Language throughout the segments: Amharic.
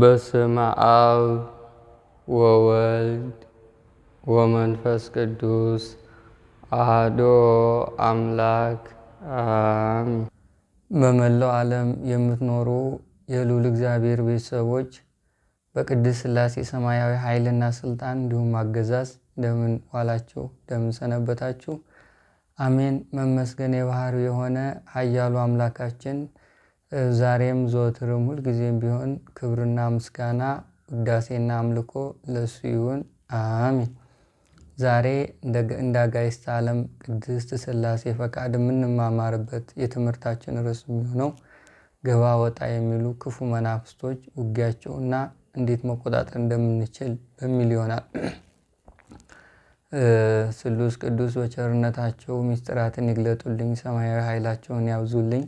በስመ አብ ወወልድ ወመንፈስ ቅዱስ አህዶ አምላክ አሜን። በመላው ዓለም የምትኖሩ የሉል እግዚአብሔር ቤተሰቦች በቅድስት ሥላሴ ሰማያዊ ኃይልና ስልጣን እንዲሁም አገዛዝ እንደምን ዋላችሁ? እንደምን ሰነበታችሁ? አሜን። መመስገን የባህሪው የሆነ ኃያሉ አምላካችን ዛሬም ዘወትርም ሁልጊዜም ቢሆን ክብርና ምስጋና ውዳሴና አምልኮ ለእሱ ይሁን፣ አሚን። ዛሬ እንደ አጋዕዝተ ዓለም ቅድስት ሥላሴ ፈቃድ የምንማማርበት የትምህርታችን ርዕስ የሚሆነው ገባ ወጣ የሚሉ ክፉ መናፍስቶች ውጊያቸውና እንዴት መቆጣጠር እንደምንችል በሚል ይሆናል። ስሉስ ቅዱስ በቸርነታቸው ሚስጥራትን ይግለጡልኝ፣ ሰማያዊ ኃይላቸውን ያብዙልኝ።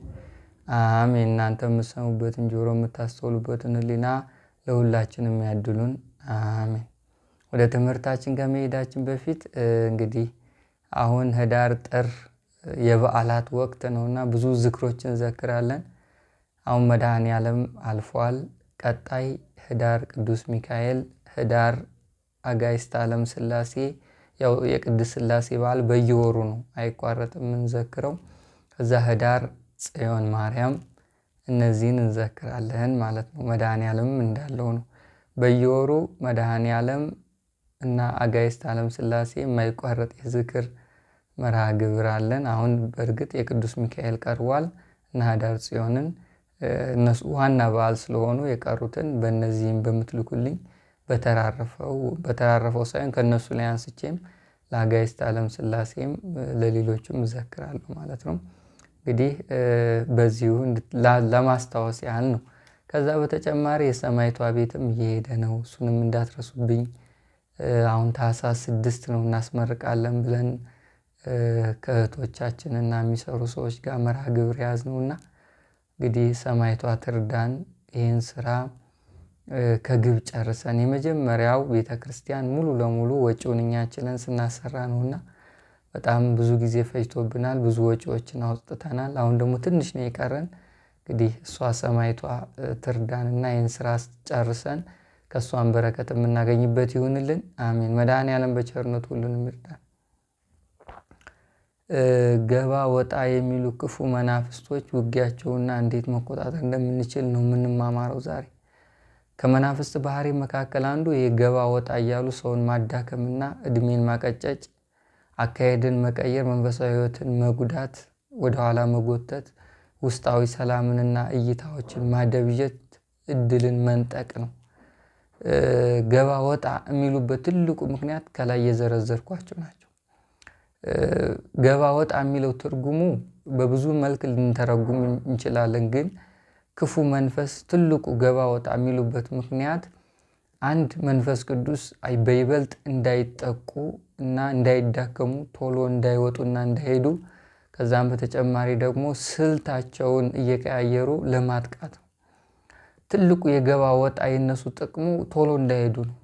አሜን። እናንተ የምትሰሙበትን ጆሮ የምታስተውሉበትን ሕሊና ለሁላችንም ያድሉን። አሜን። ወደ ትምህርታችን ከመሄዳችን በፊት እንግዲህ አሁን ህዳር፣ ጥር የበዓላት ወቅት ነውና ብዙ ዝክሮችን እንዘክራለን። አሁን መድኃኔ ዓለም አልፏል። ቀጣይ ህዳር ቅዱስ ሚካኤል፣ ህዳር አጋይስት ዓለም ስላሴ፣ ያው የቅድስት በዓል በየወሩ ነው አይቋረጥም የምንዘክረው። ከዛ ህዳር ጽዮን ማርያም እነዚህን እንዘክራለን ማለት ነው። መድኃኔ ዓለም እንዳለው ነው። በየወሩ መድኃኔ ዓለም እና አጋይስት ዓለም ሥላሴ የማይቋረጥ የዝክር መርሃ ግብር አለን። አሁን በእርግጥ የቅዱስ ሚካኤል ቀርቧል እና ኅዳር ጽዮንን እነሱ ዋና በዓል ስለሆኑ የቀሩትን በእነዚህም በምትልኩልኝ በተራረፈው በተራረፈው ሳይሆን ከእነሱ ላይ አንስቼም ለአጋይስት ዓለም ሥላሴም ለሌሎቹም እዘክራለሁ ማለት ነው። እንግዲህ በዚሁ ለማስታወስ ያህል ነው። ከዛ በተጨማሪ የሰማይቷ ቤትም እየሄደ ነው እሱንም እንዳትረሱብኝ። አሁን ታህሳስ ስድስት ነው እናስመርቃለን ብለን ከእህቶቻችን እና የሚሰሩ ሰዎች ጋር መርሃ ግብር ያዝነውና እንግዲህ ሰማይቷ ትርዳን። ይህን ስራ ከግብ ጨርሰን የመጀመሪያው ቤተ ክርስቲያን ሙሉ ለሙሉ ወጪውን እኛ ችለን ስናሰራ ነውና በጣም ብዙ ጊዜ ፈጅቶብናል፣ ብዙ ወጪዎችን አውጥተናል። አሁን ደግሞ ትንሽ ነው የቀረን። እንግዲህ እሷ ሰማይቷ ትርዳንና ይህን ስራ ጨርሰን ከእሷን በረከት የምናገኝበት ይሁንልን። አሜን። መድኃኔዓለም በቸርነት ሁሉንም ይርዳን። ገባ ወጣ የሚሉ ክፉ መናፍስቶች ውጊያቸውና እንዴት መቆጣጠር እንደምንችል ነው የምንማማረው ዛሬ። ከመናፍስት ባህሪ መካከል አንዱ ይህ ገባ ወጣ እያሉ ሰውን ማዳከምና እድሜን ማቀጨጭ አካሄድን መቀየር፣ መንፈሳዊ ህይወትን መጉዳት፣ ወደኋላ መጎተት፣ ውስጣዊ ሰላምንና እይታዎችን ማደብጀት፣ እድልን መንጠቅ ነው። ገባ ወጣ የሚሉበት ትልቁ ምክንያት ከላይ የዘረዘርኳቸው ናቸው። ገባ ወጣ የሚለው ትርጉሙ በብዙ መልክ ልንተረጉም እንችላለን። ግን ክፉ መንፈስ ትልቁ ገባ ወጣ የሚሉበት ምክንያት አንድ መንፈስ ቅዱስ በይበልጥ እንዳይጠቁ እና እንዳይዳከሙ ቶሎ እንዳይወጡና እንዳይሄዱ ከዛም በተጨማሪ ደግሞ ስልታቸውን እየቀያየሩ ለማጥቃት ነው። ትልቁ የገባ ወጣ የነሱ ጥቅሙ ቶሎ እንዳይሄዱ ነው።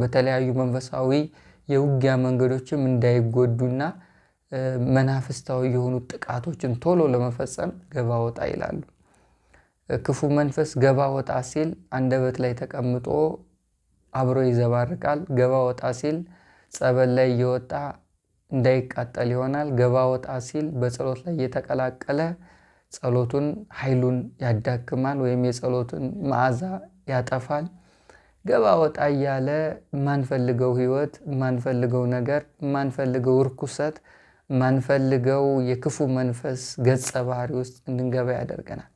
በተለያዩ መንፈሳዊ የውጊያ መንገዶችም እንዳይጎዱና መናፍስታዊ የሆኑ ጥቃቶችን ቶሎ ለመፈጸም ገባ ወጣ ይላሉ። ክፉ መንፈስ ገባ ወጣ ሲል አንደበት ላይ ተቀምጦ አብሮ ይዘባርቃል። ገባ ወጣ ሲል ጸበል ላይ እየወጣ እንዳይቃጠል ይሆናል። ገባ ወጣ ሲል በጸሎት ላይ እየተቀላቀለ ጸሎቱን ኃይሉን ያዳክማል፣ ወይም የጸሎቱን መዓዛ ያጠፋል። ገባ ወጣ እያለ የማንፈልገው ህይወት፣ የማንፈልገው ነገር፣ የማንፈልገው እርኩሰት፣ የማንፈልገው የክፉ መንፈስ ገጸ ባህሪ ውስጥ እንድንገባ ያደርገናል።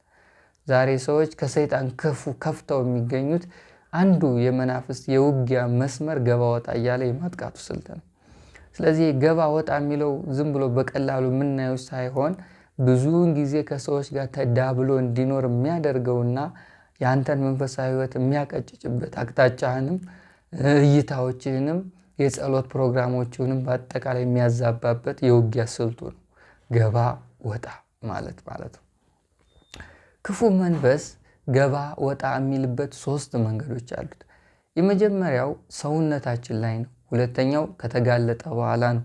ዛሬ ሰዎች ከሰይጣን ክፉ ከፍተው የሚገኙት አንዱ የመናፍስት የውጊያ መስመር ገባ ወጣ እያለ የማጥቃቱ ስልት ነው። ስለዚህ ገባ ወጣ የሚለው ዝም ብሎ በቀላሉ የምናየው ሳይሆን ብዙውን ጊዜ ከሰዎች ጋር ተዳብሎ እንዲኖር የሚያደርገውና የአንተን መንፈሳዊ ህይወት የሚያቀጭጭበት አቅጣጫህንም እይታዎችህንም የጸሎት ፕሮግራሞችንም በአጠቃላይ የሚያዛባበት የውጊያ ስልቱ ነው። ገባ ወጣ ማለት ማለት ነው። ክፉ መንፈስ ገባ ወጣ የሚልበት ሶስት መንገዶች አሉት። የመጀመሪያው ሰውነታችን ላይ ነው። ሁለተኛው ከተጋለጠ በኋላ ነው።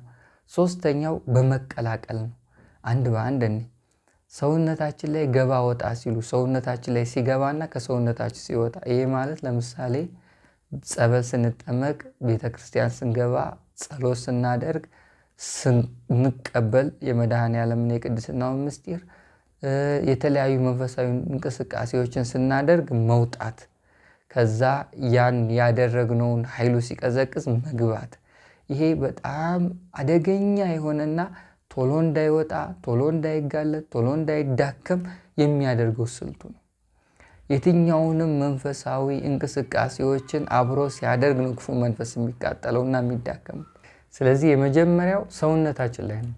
ሶስተኛው በመቀላቀል ነው። አንድ በአንድ እኔ ሰውነታችን ላይ ገባ ወጣ ሲሉ ሰውነታችን ላይ ሲገባና ከሰውነታችን ሲወጣ ይህ ማለት ለምሳሌ ጸበል ስንጠመቅ፣ ቤተ ክርስቲያን ስንገባ፣ ጸሎት ስናደርግ፣ ስንቀበል የመድኃኔ ዓለምን የቅድስናውን ምስጢር የተለያዩ መንፈሳዊ እንቅስቃሴዎችን ስናደርግ መውጣት ከዛ ያን ያደረግነውን ኃይሉ ሲቀዘቅዝ መግባት። ይሄ በጣም አደገኛ የሆነና ቶሎ እንዳይወጣ ቶሎ እንዳይጋለጥ ቶሎ እንዳይዳከም የሚያደርገው ስልቱ ነው። የትኛውንም መንፈሳዊ እንቅስቃሴዎችን አብሮ ሲያደርግ ነው ክፉ መንፈስ የሚቃጠለውና የሚዳከመው። ስለዚህ የመጀመሪያው ሰውነታችን ላይ ነው።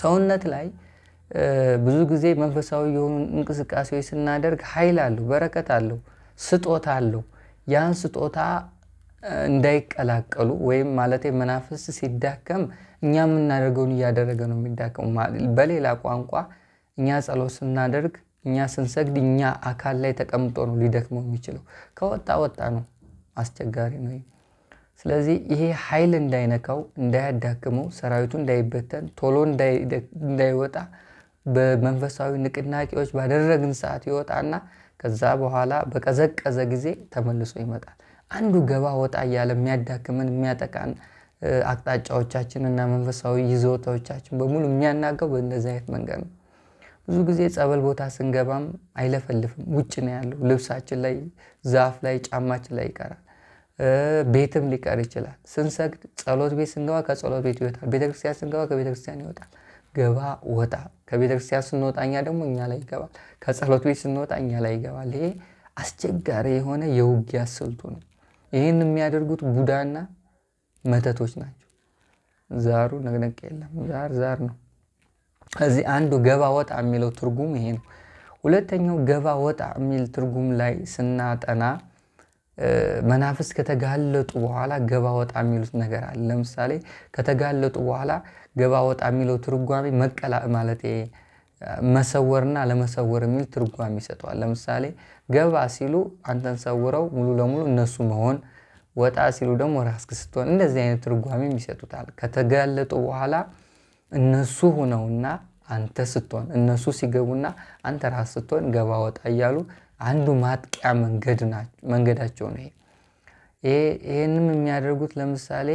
ሰውነት ላይ ብዙ ጊዜ መንፈሳዊ የሆኑ እንቅስቃሴዎች ስናደርግ ኃይል አለው፣ በረከት አለው፣ ስጦታ አለው። ያን ስጦታ እንዳይቀላቀሉ ወይም ማለት መናፍስ ሲዳከም እኛ የምናደርገውን እያደረገ ነው የሚዳከሙ። በሌላ ቋንቋ እኛ ጸሎት ስናደርግ፣ እኛ ስንሰግድ፣ እኛ አካል ላይ ተቀምጦ ነው ሊደክመው የሚችለው። ከወጣ ወጣ ነው፣ አስቸጋሪ ነው። ስለዚህ ይሄ ኃይል እንዳይነካው፣ እንዳያዳክመው፣ ሰራዊቱ እንዳይበተን፣ ቶሎ እንዳይወጣ በመንፈሳዊ ንቅናቄዎች ባደረግን ሰዓት ይወጣና ከዛ በኋላ በቀዘቀዘ ጊዜ ተመልሶ ይመጣል። አንዱ ገባ ወጣ እያለ የሚያዳክምን የሚያጠቃን አቅጣጫዎቻችን እና መንፈሳዊ ይዞታዎቻችን በሙሉ የሚያናገው በእንደዚህ አይነት መንገድ ነው። ብዙ ጊዜ ጸበል ቦታ ስንገባም አይለፈልፍም። ውጭ ነው ያለው። ልብሳችን ላይ፣ ዛፍ ላይ፣ ጫማችን ላይ ይቀራል። ቤትም ሊቀር ይችላል። ስንሰግድ ጸሎት ቤት ስንገባ ከጸሎት ቤት ይወጣል። ቤተክርስቲያን ስንገባ ከቤተክርስቲያን ይወጣል። ገባ ወጣ። ከቤተ ክርስቲያን ስንወጣ እኛ ደግሞ እኛ ላይ ይገባል። ከጸሎት ቤት ስንወጣ እኛ ላይ ይገባል። ይሄ አስቸጋሪ የሆነ የውጊያ ስልቱ ነው። ይህን የሚያደርጉት ቡዳና መተቶች ናቸው። ዛሩ ነቅነቅ የለም፣ ዛር ዛር ነው። እዚህ አንዱ ገባ ወጣ የሚለው ትርጉም ይሄ ነው። ሁለተኛው ገባ ወጣ የሚል ትርጉም ላይ ስናጠና መናፍስ ከተጋለጡ በኋላ ገባ ወጣ የሚሉት ነገር አለ። ለምሳሌ ከተጋለጡ በኋላ ገባ ወጣ የሚለው ትርጓሜ መቀላ ማለት መሰወርና ለመሰወር የሚል ትርጓሜ ይሰጠዋል። ለምሳሌ ገባ ሲሉ አንተን ሰውረው ሙሉ ለሙሉ እነሱ መሆን፣ ወጣ ሲሉ ደግሞ ራስክ ስትሆን፣ እንደዚህ አይነት ትርጓሜም ይሰጡታል። ከተጋለጡ በኋላ እነሱ ሁነውና አንተ ስትሆን፣ እነሱ ሲገቡና አንተ ራስ ስትሆን ገባ ወጣ እያሉ አንዱ ማጥቂያ መንገዳቸው ነው። ይህንም የሚያደርጉት ለምሳሌ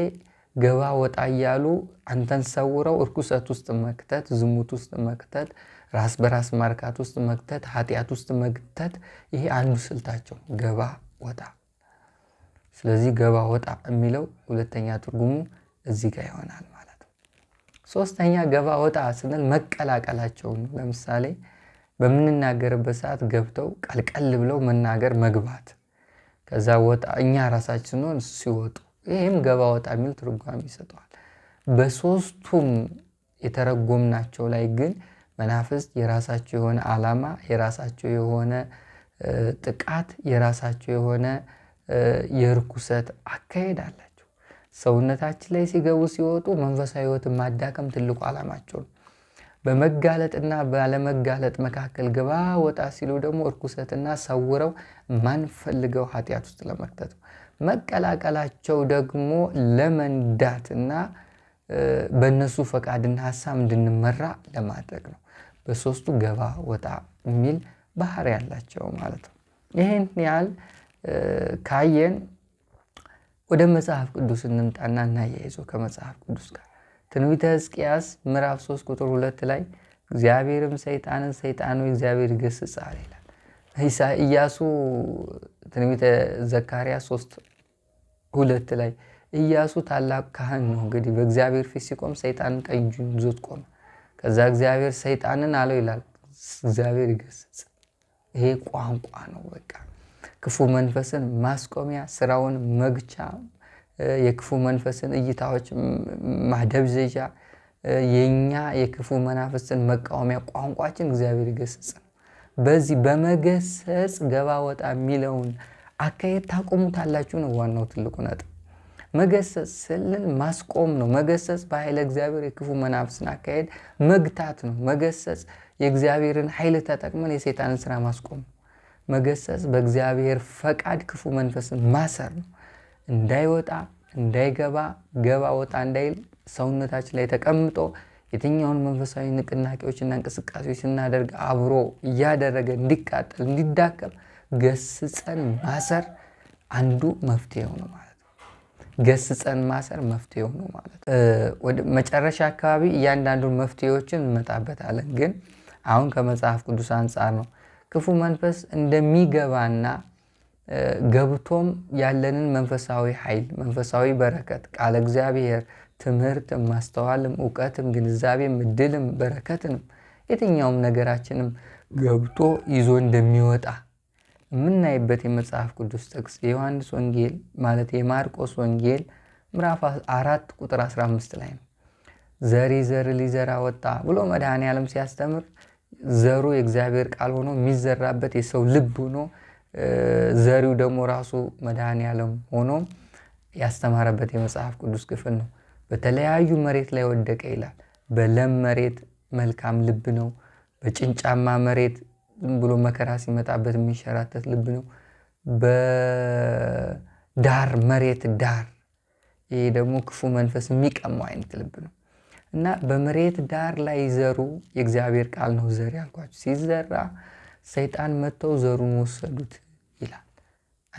ገባ ወጣ እያሉ አንተን ሰውረው እርኩሰት ውስጥ መክተት፣ ዝሙት ውስጥ መክተት፣ ራስ በራስ ማርካት ውስጥ መክተት፣ ኃጢአት ውስጥ መክተት፣ ይሄ አንዱ ስልታቸው ገባ ወጣ። ስለዚህ ገባ ወጣ የሚለው ሁለተኛ ትርጉሙ እዚህ ጋር ይሆናል ማለት ነው። ሶስተኛ ገባ ወጣ ስንል መቀላቀላቸው ነው። ለምሳሌ በምንናገርበት ሰዓት ገብተው ቀልቀል ብለው መናገር መግባት፣ ከዛ ወጣ እኛ ራሳችን ሆን ሲወጡ ይህም ገባ ወጣ የሚል ትርጓሜ ይሰጠዋል። በሶስቱም የተረጎምናቸው ላይ ግን መናፍስት የራሳቸው የሆነ ዓላማ፣ የራሳቸው የሆነ ጥቃት፣ የራሳቸው የሆነ የርኩሰት አካሄድ አላቸው። ሰውነታችን ላይ ሲገቡ ሲወጡ መንፈሳዊ ሕይወትን ማዳከም ትልቁ ዓላማቸው ነው። በመጋለጥና ባለመጋለጥ መካከል ግባ ወጣ ሲሉ ደግሞ እርኩሰትና ሰውረው ማንፈልገው ኃጢአት ውስጥ ለመክተት መቀላቀላቸው ደግሞ ለመንዳትና በእነሱ ፈቃድና ሀሳብ እንድንመራ ለማድረግ ነው። በሶስቱ ገባ ወጣ የሚል ባህሪ ያላቸው ማለት ነው። ይህን ያህል ካየን ወደ መጽሐፍ ቅዱስ እንምጣና እናያይዘው ከመጽሐፍ ቅዱስ ጋር ትንቢተ ሕዝቅያስ ምዕራፍ 3 ቁጥር 2 ላይ እግዚአብሔርም ሰይጣንን ሰይጣን ወይ እግዚአብሔር ይገስጽሃል ይላል። ኢያሱ ትንቢተ ዘካርያስ 3 2 ላይ ኢያሱ ታላቅ ካህን ነው። እንግዲህ በእግዚአብሔር ፊት ሲቆም ሰይጣንን ቀኝ እጁን ይዞት ቆመ። ከዛ እግዚአብሔር ሰይጣንን አለው ይላል እግዚአብሔር ይገስጽ። ይሄ ቋንቋ ነው። በቃ ክፉ መንፈስን ማስቆሚያ ስራውን መግቻ የክፉ መንፈስን እይታዎች ማደብዘዣ የኛ የክፉ መናፍስትን መቃወሚያ ቋንቋችን እግዚአብሔር ይገስጽ ነው። በዚህ በመገሰጽ ገባ ወጣ የሚለውን አካሄድ ታቆሙታላችሁ ነው ዋናው ትልቁ ነጥብ። መገሰጽ ስልን ማስቆም ነው። መገሰጽ በኃይለ እግዚአብሔር የክፉ መናፍስን አካሄድ መግታት ነው። መገሰጽ የእግዚአብሔርን ኃይል ተጠቅመን የሰይጣንን ስራ ማስቆም ነው። መገሰጽ በእግዚአብሔር ፈቃድ ክፉ መንፈስን ማሰር ነው። እንዳይወጣ እንዳይገባ ገባ ወጣ እንዳይል ሰውነታችን ላይ ተቀምጦ የትኛውን መንፈሳዊ ንቅናቄዎችና እንቅስቃሴዎች ስናደርግ አብሮ እያደረገ እንዲቃጠል እንዲዳከም ገስጸን ማሰር አንዱ መፍትሄው ነው ማለት ነው። ገስጸን ማሰር መፍትሄው ነው ማለት ነው። መጨረሻ አካባቢ እያንዳንዱን መፍትሄዎችን እንመጣበታለን። ግን አሁን ከመጽሐፍ ቅዱስ አንጻር ነው ክፉ መንፈስ እንደሚገባና ገብቶም ያለንን መንፈሳዊ ኃይል መንፈሳዊ በረከት ቃለ እግዚአብሔር ትምህርትም፣ ማስተዋልም፣ እውቀትም፣ ግንዛቤም፣ እድልም፣ በረከትንም የትኛውም ነገራችንም ገብቶ ይዞ እንደሚወጣ የምናይበት የመጽሐፍ ቅዱስ ጥቅስ የዮሐንስ ወንጌል ማለት የማርቆስ ወንጌል ምዕራፍ አራት ቁጥር 15 ላይ ነው። ዘሪ ዘር ሊዘራ ወጣ ብሎ መድኃኔ ዓለም ሲያስተምር ዘሩ የእግዚአብሔር ቃል ሆኖ የሚዘራበት የሰው ልብ ሆኖ ዘሪው ደግሞ ራሱ መድኃኔ ያለም ሆኖ ያስተማረበት የመጽሐፍ ቅዱስ ክፍል ነው። በተለያዩ መሬት ላይ ወደቀ ይላል። በለም መሬት መልካም ልብ ነው። በጭንጫማ መሬት ዝም ብሎ መከራ ሲመጣበት የሚንሸራተት ልብ ነው። በዳር መሬት ዳር፣ ይሄ ደግሞ ክፉ መንፈስ የሚቀማው አይነት ልብ ነው እና በመሬት ዳር ላይ ዘሩ የእግዚአብሔር ቃል ነው። ዘር ያልኳቸው ሲዘራ ሰይጣን መጥተው ዘሩን ወሰዱት ይላል።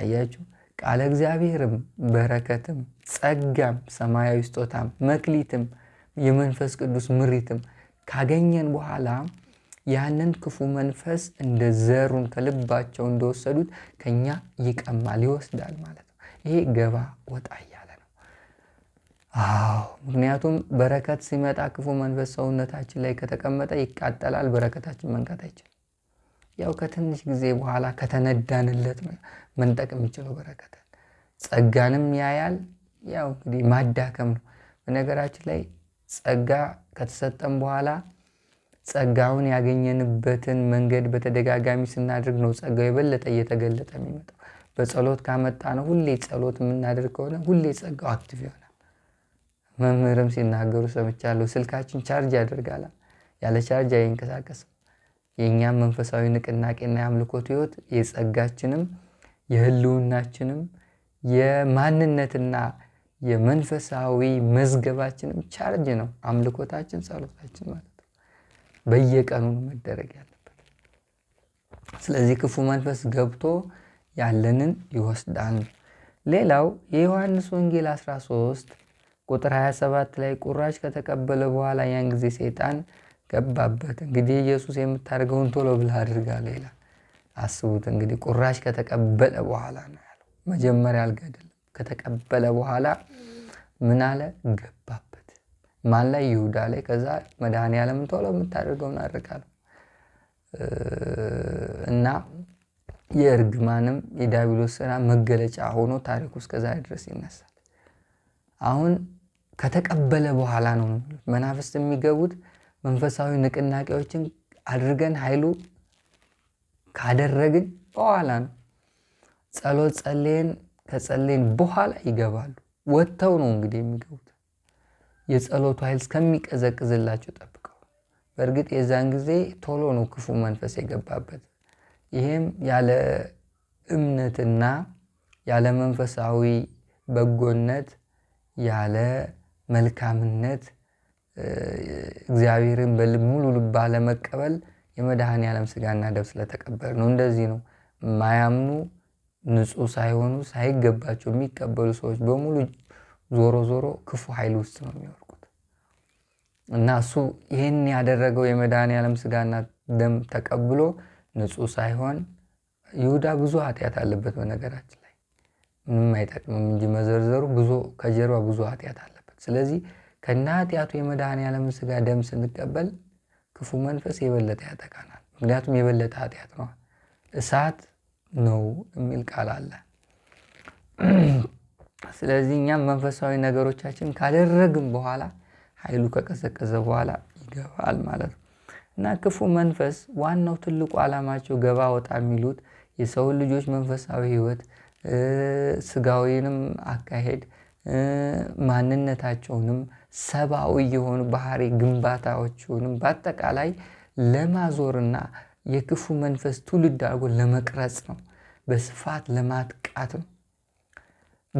አያችሁ። ቃለ እግዚአብሔርም በረከትም ጸጋም ሰማያዊ ስጦታም መክሊትም የመንፈስ ቅዱስ ምሪትም ካገኘን በኋላ ያንን ክፉ መንፈስ እንደ ዘሩን ከልባቸው እንደወሰዱት ከኛ ይቀማል፣ ይወስዳል ማለት ነው። ይሄ ገባ ወጣ እያለ ነው። አዎ ምክንያቱም በረከት ሲመጣ ክፉ መንፈስ ሰውነታችን ላይ ከተቀመጠ ይቃጠላል። በረከታችን መንካት አይችልም። ያው ከትንሽ ጊዜ በኋላ ከተነዳንለት መንጠቅ የሚችለው በረከትን ጸጋንም ያያል። ያው እንግዲህ ማዳከም ነው። በነገራችን ላይ ጸጋ ከተሰጠን በኋላ ጸጋውን ያገኘንበትን መንገድ በተደጋጋሚ ስናደርግ ነው ጸጋው የበለጠ እየተገለጠ የሚመጣው። በጸሎት ካመጣ ነው ሁሌ ጸሎት የምናደርግ ከሆነ ሁሌ ጸጋው አክቲቭ ይሆናል። መምህርም ሲናገሩ ሰምቻለሁ። ስልካችን ቻርጅ ያደርጋላል፣ ያለ ቻርጅ አይንቀሳቀስም። የእኛም መንፈሳዊ ንቅናቄና የአምልኮት ህይወት የጸጋችንም የህልውናችንም የማንነትና የመንፈሳዊ መዝገባችንም ቻርጅ ነው። አምልኮታችን፣ ጸሎታችን ማለት ነው። በየቀኑ መደረግ ያለበት። ስለዚህ ክፉ መንፈስ ገብቶ ያለንን ይወስዳል። ሌላው የዮሐንስ ወንጌል 13 ቁጥር 27 ላይ ቁራሽ ከተቀበለ በኋላ ያን ጊዜ ሰይጣን ገባበት። እንግዲህ ኢየሱስ የምታደርገውን ቶሎ ብለህ አድርጋለህ ይላል። አስቡት እንግዲህ ቁራሽ ከተቀበለ በኋላ ነው ያለው። መጀመሪያ አልገደለም። ከተቀበለ በኋላ ምን አለ? ገባበት። ማን ላይ? ይሁዳ ላይ። ከዛ መድኃኔ ዓለምን ቶሎ የምታደርገውን አድርጋለሁ እና የእርግማንም የዲያብሎስ ስራ መገለጫ ሆኖ ታሪኩ እስከዛሬ ድረስ ይነሳል። አሁን ከተቀበለ በኋላ ነው መናፍስት የሚገቡት። መንፈሳዊ ንቅናቄዎችን አድርገን ኃይሉ ካደረግን በኋላ ነው። ጸሎት ጸልየን ከጸልየን በኋላ ይገባሉ። ወጥተው ነው እንግዲህ የሚገቡት። የጸሎቱ ኃይል እስከሚቀዘቅዝላቸው ጠብቀው። በእርግጥ የዛን ጊዜ ቶሎ ነው ክፉ መንፈስ የገባበት። ይህም ያለ እምነትና ያለ መንፈሳዊ በጎነት ያለ መልካምነት እግዚአብሔርን ሙሉ ልባ ለመቀበል የመድኃኔ ዓለም ስጋና ደም ስለተቀበል ነው። እንደዚህ ነው። ማያምኑ ንጹህ ሳይሆኑ ሳይገባቸው የሚቀበሉ ሰዎች በሙሉ ዞሮ ዞሮ ክፉ ኃይል ውስጥ ነው የሚወርቁት እና እሱ ይህን ያደረገው የመድኃኔ ዓለም ስጋና ደም ተቀብሎ ንጹህ ሳይሆን ይሁዳ ብዙ ኃጢአት አለበት። በነገራችን ላይ ምንም አይጠቅምም እንጂ መዘርዘሩ ብዙ ከጀርባ ብዙ ኃጢአት አለበት። ስለዚህ ከእነ ኃጢአቱ የመድኃኔ ዓለምን ስጋ ደም ስንቀበል ክፉ መንፈስ የበለጠ ያጠቃናል። ምክንያቱም የበለጠ ኃጢአት ነው፣ እሳት ነው የሚል ቃል አለ። ስለዚህ እኛም መንፈሳዊ ነገሮቻችን ካደረግን በኋላ ኃይሉ ከቀዘቀዘ በኋላ ይገባል ማለት ነው እና ክፉ መንፈስ ዋናው ትልቁ ዓላማቸው ገባ ወጣ የሚሉት የሰውን ልጆች መንፈሳዊ ህይወት ስጋዊንም አካሄድ ማንነታቸውንም ሰብአዊ የሆኑ ባህሪ ግንባታዎችንም በአጠቃላይ ለማዞርና የክፉ መንፈስ ትውልድ አድርጎ ለመቅረጽ ነው። በስፋት ለማጥቃት ነው።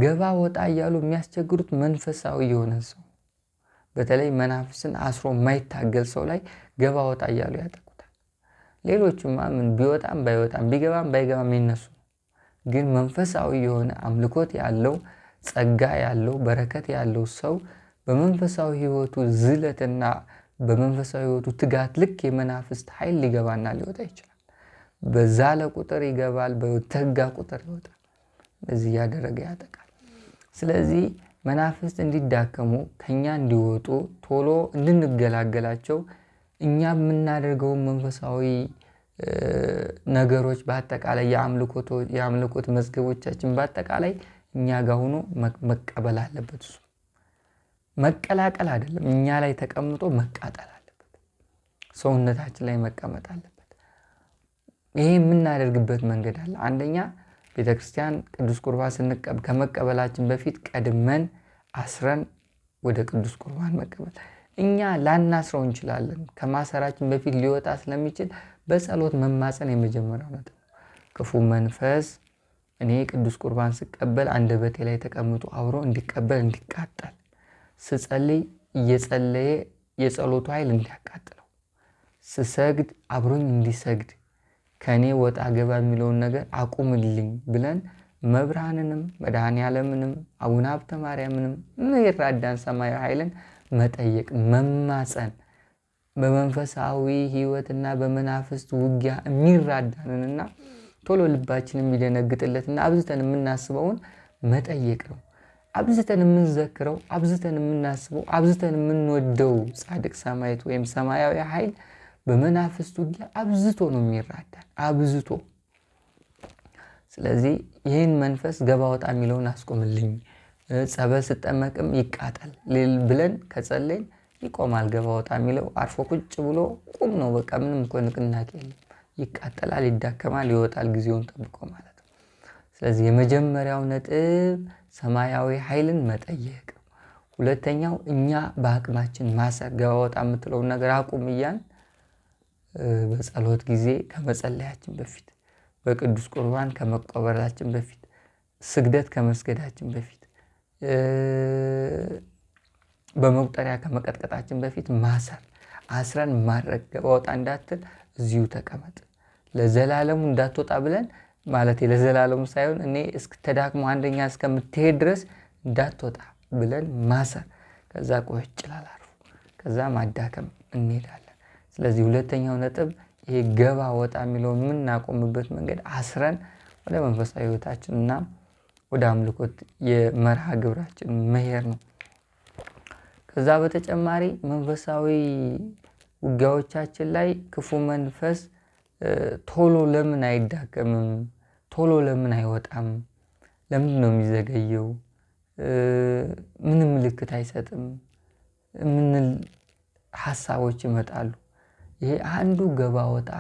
ገባ ወጣ እያሉ የሚያስቸግሩት መንፈሳዊ የሆነ ሰው በተለይ መናፍስን አስሮ የማይታገል ሰው ላይ ገባ ወጣ እያሉ ያጠቁታል። ሌሎች ምን ቢወጣም ባይወጣም ቢገባም ባይገባም ይነሱ። ግን መንፈሳዊ የሆነ አምልኮት ያለው ጸጋ ያለው በረከት ያለው ሰው በመንፈሳዊ ህይወቱ ዝለትና በመንፈሳዊ ህይወቱ ትጋት ልክ የመናፍስት ኃይል ሊገባና ሊወጣ ይችላል። በዛለ ቁጥር ይገባል፣ በተጋ ቁጥር ይወጣል። እዚህ እያደረገ ያጠቃል። ስለዚህ መናፍስት እንዲዳከሙ ከኛ እንዲወጡ ቶሎ እንድንገላገላቸው እኛ የምናደርገውን መንፈሳዊ ነገሮች በአጠቃላይ የአምልኮት መዝገቦቻችን በአጠቃላይ እኛ ጋር ሆኖ መቀበል አለበት። እሱ መቀላቀል አይደለም፣ እኛ ላይ ተቀምጦ መቃጠል አለበት። ሰውነታችን ላይ መቀመጥ አለበት። ይሄ የምናደርግበት መንገድ አለ። አንደኛ ቤተ ክርስቲያን ቅዱስ ቁርባን ከመቀበላችን በፊት ቀድመን አስረን ወደ ቅዱስ ቁርባን መቀበል። እኛ ላናስረው እንችላለን። ከማሰራችን በፊት ሊወጣ ስለሚችል በጸሎት መማፀን የመጀመሪያው ነጥብ ነው። ክፉ መንፈስ እኔ ቅዱስ ቁርባን ስቀበል አንደበቴ ላይ ተቀምጦ አብሮ እንዲቀበል እንዲቃጠል ስጸልይ እየጸለየ የጸሎቱ ኃይል እንዲያቃጥለው ስሰግድ አብሮኝ እንዲሰግድ ከእኔ ወጣ ገባ የሚለውን ነገር አቁምልኝ ብለን መብርሃንንም መድሃን ያለምንም አቡነ ሀብተ ማርያምንም የሚራዳን ሰማያዊ ኃይልን መጠየቅ መማፀን በመንፈሳዊ ሕይወትና በመናፍስት ውጊያ የሚራዳንንና ቶሎ ልባችን የሚደነግጥለትና አብዝተን የምናስበውን መጠየቅ ነው። አብዝተን የምንዘክረው፣ አብዝተን የምናስበው፣ አብዝተን የምንወደው ጻድቅ ሰማዕት ወይም ሰማያዊ ኃይል በመናፍስት ውጊያ አብዝቶ ነው የሚራዳን አብዝቶ ስለዚህ ይህን መንፈስ ገባ ወጣ የሚለውን አስቆምልኝ፣ ጸበል ስጠመቅም ይቃጠል ብለን ከጸለይን ይቆማል። ገባ ወጣ የሚለው አርፎ ቁጭ ብሎ ቁም ነው። በቃ ምንም እኮ ንቅናቄ የለም። ይቃጠላል፣ ይዳከማል፣ ይወጣል ጊዜውን ጠብቆ ማለት ነው። ስለዚህ የመጀመሪያው ነጥብ ሰማያዊ ኃይልን መጠየቅ ሁለተኛው እኛ በአቅማችን ማሰር ገባወጣ የምትለውን ነገር አቁም እያን በጸሎት ጊዜ ከመጸለያችን በፊት በቅዱስ ቁርባን ከመቆበራችን በፊት ስግደት ከመስገዳችን በፊት በመቁጠሪያ ከመቀጥቀጣችን በፊት ማሰር አስረን ማድረግ ገባ ወጣ እንዳትል እዚሁ ተቀመጥ ለዘላለሙ እንዳትወጣ ብለን ማለት ለዘላለሙ ሳይሆን እኔ ተዳክሞ አንደኛ እስከምትሄድ ድረስ እንዳትወጣ ብለን ማሰር፣ ከዛ ቆይ ጭላል አርፉ፣ ከዛ ማዳከም እንሄዳለን። ስለዚህ ሁለተኛው ነጥብ ይሄ ገባ ወጣ የሚለው የምናቆምበት መንገድ አስረን ወደ መንፈሳዊ ህይወታችን እና ወደ አምልኮት የመርሃ ግብራችን መሄድ ነው። ከዛ በተጨማሪ መንፈሳዊ ውጊያዎቻችን ላይ ክፉ መንፈስ ቶሎ ለምን አይዳቀምም? ቶሎ ለምን አይወጣም? ለምን ነው የሚዘገየው? ምንም ምልክት አይሰጥም የምንል ሀሳቦች ይመጣሉ። ይሄ አንዱ ገባ ወጣ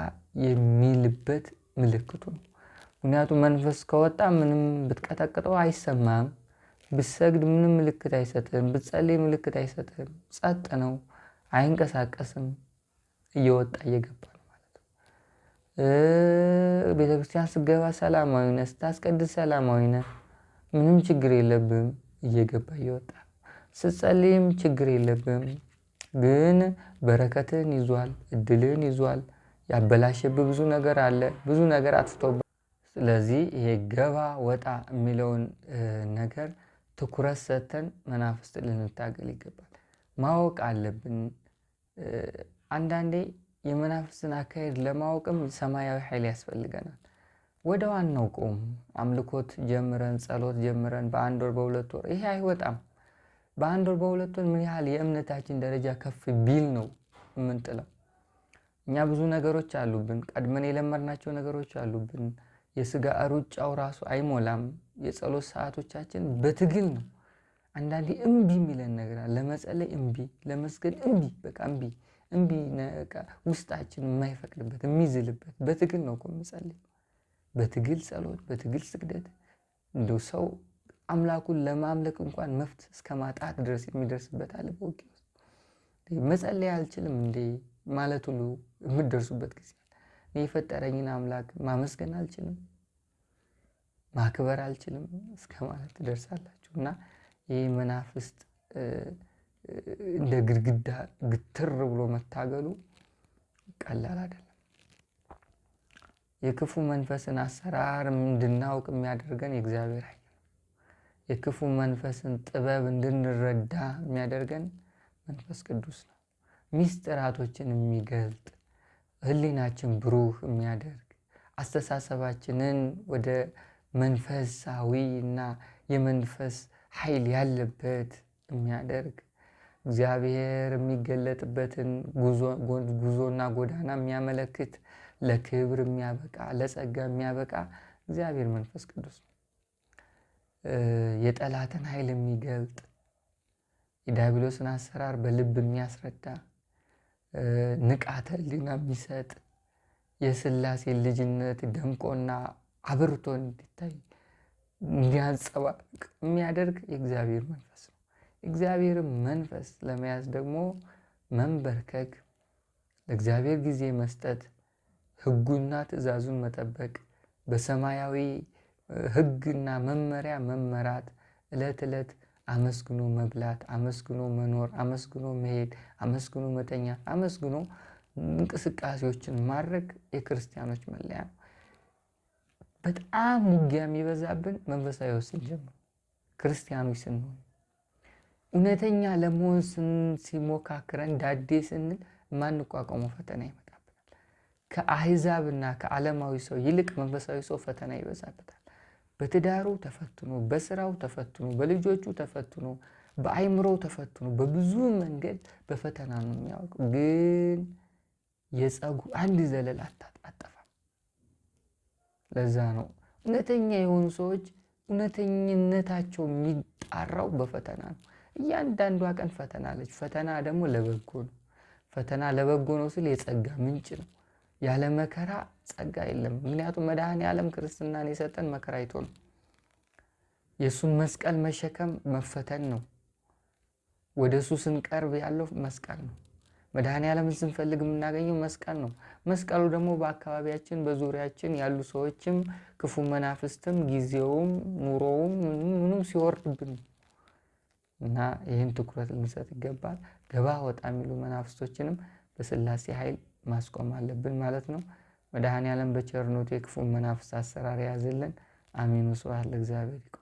የሚልበት ምልክቱ ነው። ምክንያቱም መንፈስ ከወጣ ምንም ብትቀጠቅጠው አይሰማም። ብትሰግድ ምንም ምልክት አይሰጥም። ብትጸልይ ምልክት አይሰጥም። ጸጥ ነው፣ አይንቀሳቀስም። እየወጣ እየገባ ነው ማለት ነው። ቤተ ክርስቲያን ስገባ ሰላማዊ ነህ፣ ስታስቀድስ ሰላማዊ ነህ፣ ምንም ችግር የለብም። እየገባ እየወጣ ስትጸልይም ችግር የለብም። ግን በረከትን ይዟል፣ እድልን ይዟል። ያበላሸብህ ብዙ ነገር አለ፣ ብዙ ነገር አጥፍቶብህ። ስለዚህ ይሄ ገባ ወጣ የሚለውን ነገር ትኩረት ሰጥተን መናፍስት ልንታገል ይገባል። ማወቅ አለብን። አንዳንዴ የመናፍስን አካሄድ ለማወቅም ሰማያዊ ኃይል ያስፈልገናል። ወደ ዋናው ቁም አምልኮት ጀምረን ጸሎት ጀምረን በአንድ ወር በሁለት ወር ይሄ አይወጣም። በአንድ ወር በሁለት ወር ምን ያህል የእምነታችን ደረጃ ከፍ ቢል ነው የምንጥለው። እኛ ብዙ ነገሮች አሉብን፣ ቀድመን የለመድናቸው ነገሮች አሉብን። የስጋ ሩጫው ራሱ አይሞላም። የጸሎት ሰዓቶቻችን በትግል ነው። አንዳንዴ እምቢ የሚለን ነገር ለመጸለይ እምቢ፣ ለመስገድ እምቢ፣ በቃ እምቢ እምቢ ውስጣችን የማይፈቅድበት የሚዝልበት በትግል ነው እኮ የምጸልይ በትግል ጸሎት፣ በትግል ስግደት እንደው ሰው አምላኩን ለማምለክ እንኳን መፍት እስከ ማጣት ድረስ የሚደርስበት አለ። ውስጥ መጸለይ አልችልም እንዴ ማለት ሁሉ የምደርሱበት ጊዜ የፈጠረኝን አምላክ ማመስገን አልችልም፣ ማክበር አልችልም እስከ ማለት ትደርሳላችሁ እና ይህ መናፍስት እንደ ግድግዳ ግትር ብሎ መታገሉ ቀላል አይደለም። የክፉ መንፈስን አሰራር እንድናውቅ የሚያደርገን የእግዚአብሔር ኃይል ነው። የክፉ መንፈስን ጥበብ እንድንረዳ የሚያደርገን መንፈስ ቅዱስ ነው። ሚስጥራቶችን የሚገልጥ ህሊናችን ብሩህ የሚያደርግ አስተሳሰባችንን ወደ መንፈሳዊ እና የመንፈስ ኃይል ያለበት የሚያደርግ እግዚአብሔር የሚገለጥበትን ጉዞና ጎዳና የሚያመለክት ለክብር የሚያበቃ ለጸጋ የሚያበቃ እግዚአብሔር መንፈስ ቅዱስ ነው። የጠላትን ኃይል የሚገልጥ የዲያብሎስን አሰራር በልብ የሚያስረዳ ንቃተ ሕሊና የሚሰጥ የስላሴ ልጅነት ደምቆና አብርቶ እንዲታይ እንዲያንጸባርቅ የሚያደርግ የእግዚአብሔር መንፈስ ነው። እግዚአብሔርን መንፈስ ለመያዝ ደግሞ መንበርከክ፣ ለእግዚአብሔር ጊዜ መስጠት፣ ሕጉና ትእዛዙን መጠበቅ፣ በሰማያዊ ሕግና መመሪያ መመራት፣ ዕለት ዕለት አመስግኖ መብላት፣ አመስግኖ መኖር፣ አመስግኖ መሄድ፣ አመስግኖ መተኛ፣ አመስግኖ እንቅስቃሴዎችን ማድረግ የክርስቲያኖች መለያ ነው። በጣም ውጊያ የሚበዛብን መንፈሳዊ ውስን ጀምሮ ክርስቲያኖች ስንሆን እውነተኛ ለመሆን ሲሞካክረን እንደ አዲስ ስንል የማንቋቋመው ፈተና ይመጣበታል። ከአህዛብና ከዓለማዊ ሰው ይልቅ መንፈሳዊ ሰው ፈተና ይበዛበታል። በትዳሩ ተፈትኖ፣ በስራው ተፈትኖ፣ በልጆቹ ተፈትኖ፣ በአይምሮው ተፈትኖ፣ በብዙ መንገድ በፈተና ነው የሚያውቀው። ግን የጸጉር አንድ ዘለል አታጣጠፋ ለዛ ነው እውነተኛ የሆኑ ሰዎች እውነተኝነታቸው የሚጣራው በፈተና ነው። እያንዳንዷ ቀን ፈተና አለች። ፈተና ደግሞ ለበጎ ነው። ፈተና ለበጎ ነው ስል የጸጋ ምንጭ ነው። ያለ መከራ ጸጋ የለም። ምክንያቱም መድኃኔ ዓለም ክርስትናን የሰጠን መከራ አይቶ ነው። የእሱን መስቀል መሸከም መፈተን ነው። ወደ እሱ ስንቀርብ ያለው መስቀል ነው። መድኃኔ ዓለምን ስንፈልግ የምናገኘው መስቀል ነው። መስቀሉ ደግሞ በአካባቢያችን በዙሪያችን ያሉ ሰዎችም ክፉ መናፍስትም ጊዜውም ኑሮውም ምኑም ሲወርድብን እና ይህን ትኩረት ልንሰጥ ይገባል። ገባ ወጣ የሚሉ መናፍስቶችንም በስላሴ ኃይል ማስቆም አለብን ማለት ነው። መድኃኔ ዓለም በቸርነቱ የክፉ መናፍስት አሰራር የያዝልን። አሚኑ ስብሐት ለእግዚአብሔር።